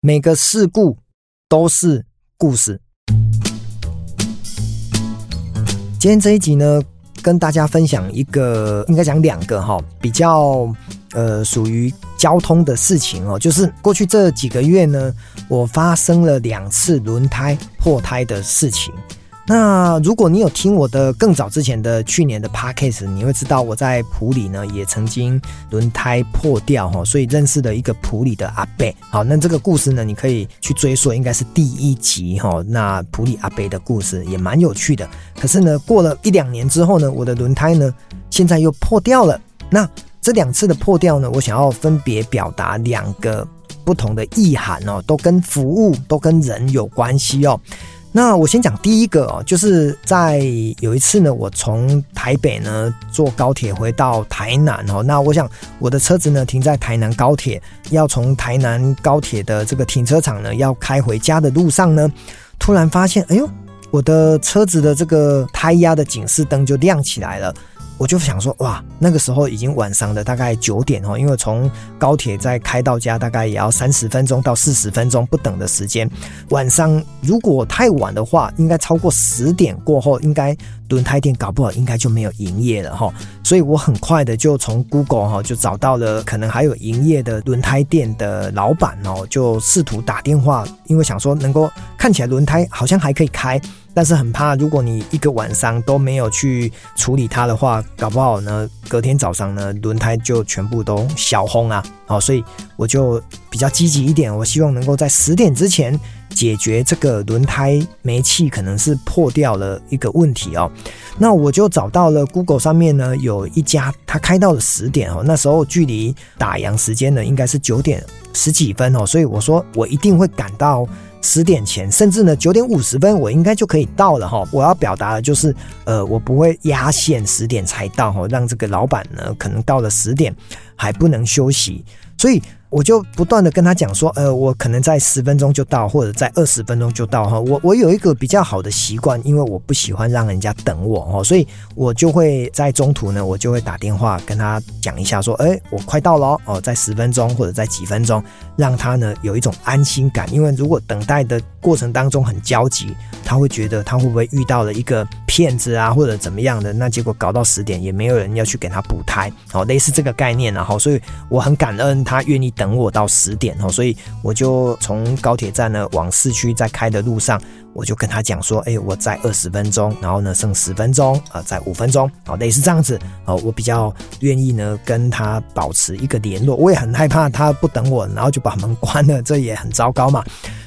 每個事故都是故事。今天這一集呢，跟大家分享一個，應該講兩個哈，比較呃屬於交通的事情哦。就是過去這幾個月呢，我發生了兩次輪胎破胎的事情。那如果你有聽我的更早之前的去年的 Podcast，你會知道我在普里呢也曾經輪胎破掉哈，所以認識了一個普里的阿伯。好，那這個故事呢，你可以去追溯，應該是第一集哈。那普里阿伯的故事也蠻有趣的。可是呢，過了一兩年之後呢，我的輪胎呢現在又破掉了。那這兩次的破掉呢，我想要分別表達兩個不同的意涵哦，都跟服務，都跟人有關係哦。那我先講第一個哦，就是在有一次呢，我從台北呢坐高鐵回到台南哦，那我想我的車子呢停在台南高鐵，要從台南高鐵的這個停車場呢要開回家的路上呢，突然發現，哎呦，我的車子的這個胎壓的警示燈就亮起來了。我就想說，哇，那個時候已經晚上的大概九點哈，因為從高鐵再開到家大概也要三十分鐘到四十分鐘不等的時間。晚上如果太晚的話，應該超過十點過後，應該輪胎店搞不好應該就沒有營業了哈。所以我很快的就從 Google 哈就找到了可能還有營業的輪胎店的老板哦，就試圖打電話，因為想說能夠看起來輪胎好像還可以開，但是很怕如果你一個晚上都沒有去處理它的話，搞不好呢隔天早上呢輪胎就全部都消風啊。哦，所以我就比較積極一點，我希望能夠在十點之前。解決這個輪胎煤氣可能是破掉了一個問題哦，那我就找到了 Google 上面呢，有一家他開到了十點哦，那時候距離打烊時間呢應該是九點十幾分哦，所以我說我一定會趕到十點前，甚至呢九點五十分我應該就可以到了哦。我要表達的就是，呃，我不會壓線十點才到哦，讓這個老闆呢可能到了十點還不能休息，所以。我就不斷的跟他講說，呃，我可能在十分鐘就到，或者在二十分鐘就到哈。我我有一個比較好的習慣，因為我不喜歡讓人家等我哦，所以我就會在中途呢，我就會打電話跟他講一下說，哎，我快到了哦，在十分鐘或者在幾分鐘，讓他呢有一種安心感。因為如果等待的過程當中很焦急，他會覺得他會不會遇到了一個騙子啊，或者怎麼樣的？那結果搞到十點也沒有人要去給他補胎哦，類似這個概念啊哈。所以我很感恩他願意。等我到十點哦，所以我就從高鐵站呢往市區在開的路上，我就跟他講說，哎、欸，我再二十分鐘，然後呢剩十分鐘啊，再、呃、五分鐘，好，類似這樣子，好，我比較願意呢跟他保持一個聯絡，我也很害怕他不等我，然後就把門關了，這也很糟糕嘛。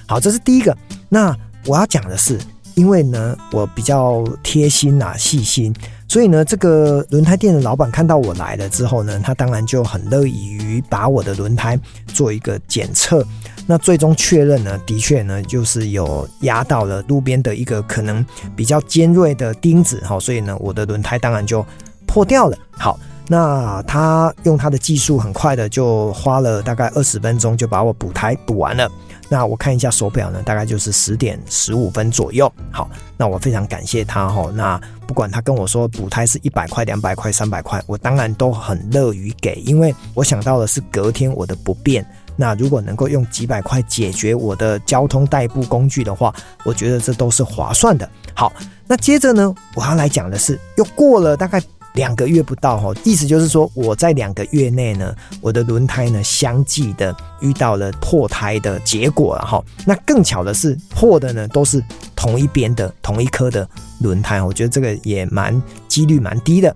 好，這是第一個。那我要講的是，因為呢我比較貼心啊，細心。所以呢，這個輪胎店的老闆看到我來了之後呢，他當然就很樂意於把我的輪胎做一個檢測。那最終確認呢，的確呢，就是有壓到了路邊的一個可能比較尖銳的釘子哈，所以呢，我的輪胎當然就破掉了。好。那他用他的技術，很快的就花了大概二十分鐘就把我補胎補完了。那我看一下手表呢，大概就是十點十五分左右。好，那我非常感謝他哦。那不管他跟我說補胎是一百塊、兩百塊、三百塊，我當然都很樂於給，因為我想到的是隔天我的不便。那如果能夠用幾百塊解決我的交通代步工具的話，我覺得這都是划算的。好，那接着呢，我要來講的是又過了大概。兩個月不到哈，意思就是說我在兩個月內呢，我的輪胎呢相繼的遇到了破胎的結果了哈。那更巧的是破的呢都是同一邊的同一顆的輪胎，我覺得這個也蠻機率，蠻低的。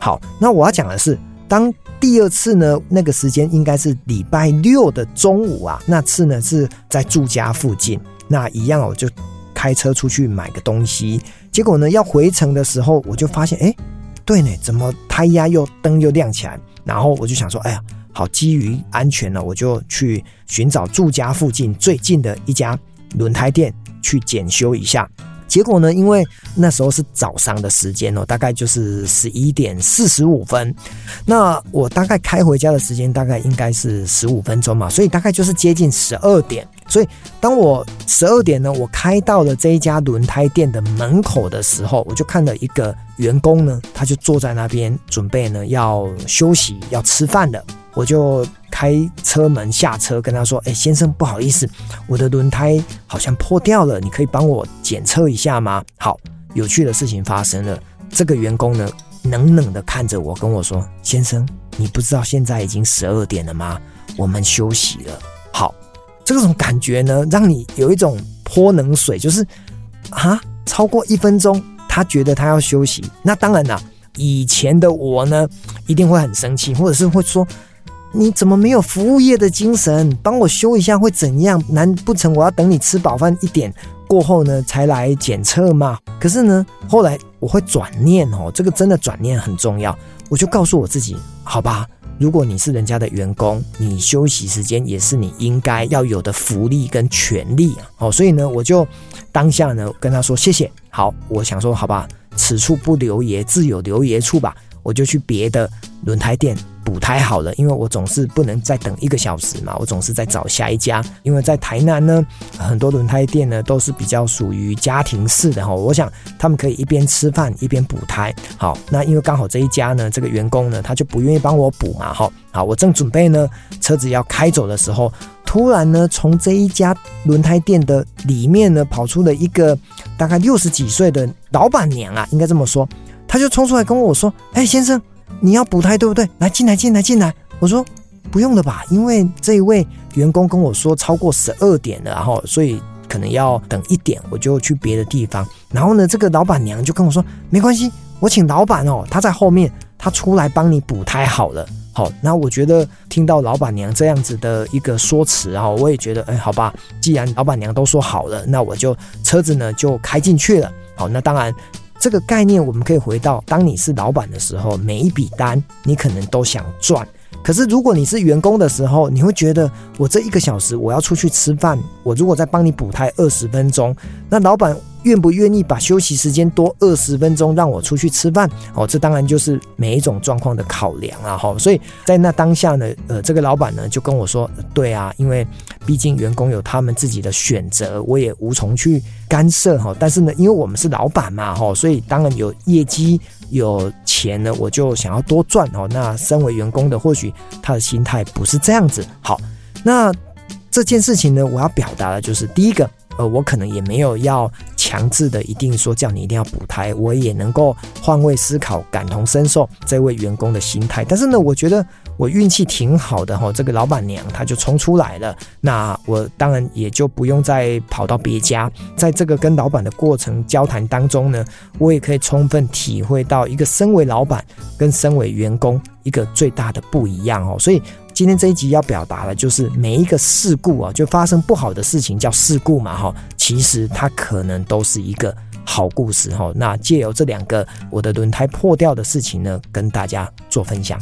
好，那我要講的是，當第二次呢，那個時間應該是禮拜六的中午啊，那次呢是在住家附近，那一樣我就開車出去買個東西，結果呢要回程的時候，我就發現誒、欸對呢，怎麼胎壓又燈又亮起來？然後我就想說，哎呀，好基於安全呢，我就去尋找住家附近最近的一家輪胎店去檢修一下。結果呢，因為那時候是早上的時間哦，大概就是十一點四十五分。那我大概開回家的時間大概應該是十五分鐘嘛，所以大概就是接近十二點。所以當我十二點呢，我開到了這一家輪胎店的門口的時候，我就看到一個員工呢，他就坐在那邊準備呢要休息、要吃飯的，我就。開車門下車，跟他說：“哎、欸，先生，不好意思，我的輪胎好像破掉了，你可以幫我檢測一下嗎？”好，有趣的事情發生了，這個員工呢，冷冷的看着我，跟我說：“先生，你不知道現在已經十二點了嗎？我們休息了。”好，這種感覺呢，讓你有一種潑冷水，就是啊，超過一分鐘，他覺得他要休息。那當然了，以前的我呢，一定會很生氣，或者是會說，你怎麼沒有服務業的精神？幫我修一下會怎樣？難不成我要等你吃飽飯一點過後呢才來檢測嗎？可是呢，後來我會轉念哦，這個真的轉念很重要。我就告訴我自己，好吧，如果你是人家的員工，你休息時間也是你應該要有的福利跟權利啊，哦，所以呢，我就當下呢跟他說謝謝。好，我想說好吧，此處不留爺自有留爺處吧，我就去別的輪胎店。補胎好了，因為我總是不能再等一個小時嘛，我總是在找下一家。因為在台南呢，很多輪胎店呢都是比較屬於家庭式的哈，我想他們可以一邊吃飯一邊補胎。好，那因為剛好這一家呢，這個員工呢他就不願意幫我補嘛哈。好，我正準備呢車子要開走的時候，突然呢從這一家輪胎店的裡面呢跑出了一個大概六十幾歲的老闆娘啊，應該這麼說，她就衝出來跟我說：“哎，先生。”你要補胎對不對？來，進來進來進來！我說不用了吧，因為這一位員工跟我說超過十二點了，然後所以可能要等一點，我就去別的地方。然後呢，這個老闆娘就跟我說沒關係，我請老闆哦，他在後面，他出來幫你補胎好了。好，那我覺得聽到老闆娘這樣子的一個說辭，然後我也覺得哎、欸，好吧，既然老闆娘都說好了，那我就車子呢就開進去了。好，那當然。這個概念，我們可以回到，當你是老闆的時候，每一筆單你可能都想賺。可是，如果你是員工的時候，你會覺得我這一個小時我要出去吃飯，我如果再幫你補胎二十分鐘，那老板願不願意把休息時間多二十分鐘讓我出去吃飯？哦，這當然就是每一種狀況的考量啊！哈、哦，所以在那當下呢，呃，這個老板呢就跟我說、呃，對啊，因為畢竟員工有他們自己的選擇，我也無從去干涉哈、哦。但是呢，因為我們是老板嘛，哈、哦，所以當然有業績。有錢呢，我就想要多賺哦。那身為員工的，或許他的心態不是這樣子。好，那這件事情呢，我要表達的就是，第一個，呃，我可能也沒有要強制的一定說叫你一定要補胎，我也能夠換位思考、感同身受這位員工的心態。但是呢，我覺得。我運氣挺好的吼，這個老闆娘她就衝出來了，那我當然也就不用再跑到別家。在這個跟老闆的過程交談當中呢，我也可以充分體會到一個身為老闆跟身為員工一個最大的不一樣哦。所以今天這一集要表達的，就是每一個事故啊，就發生不好的事情叫事故嘛哈，其實它可能都是一個好故事哈。那借由這兩個我的輪胎破掉的事情呢，跟大家做分享。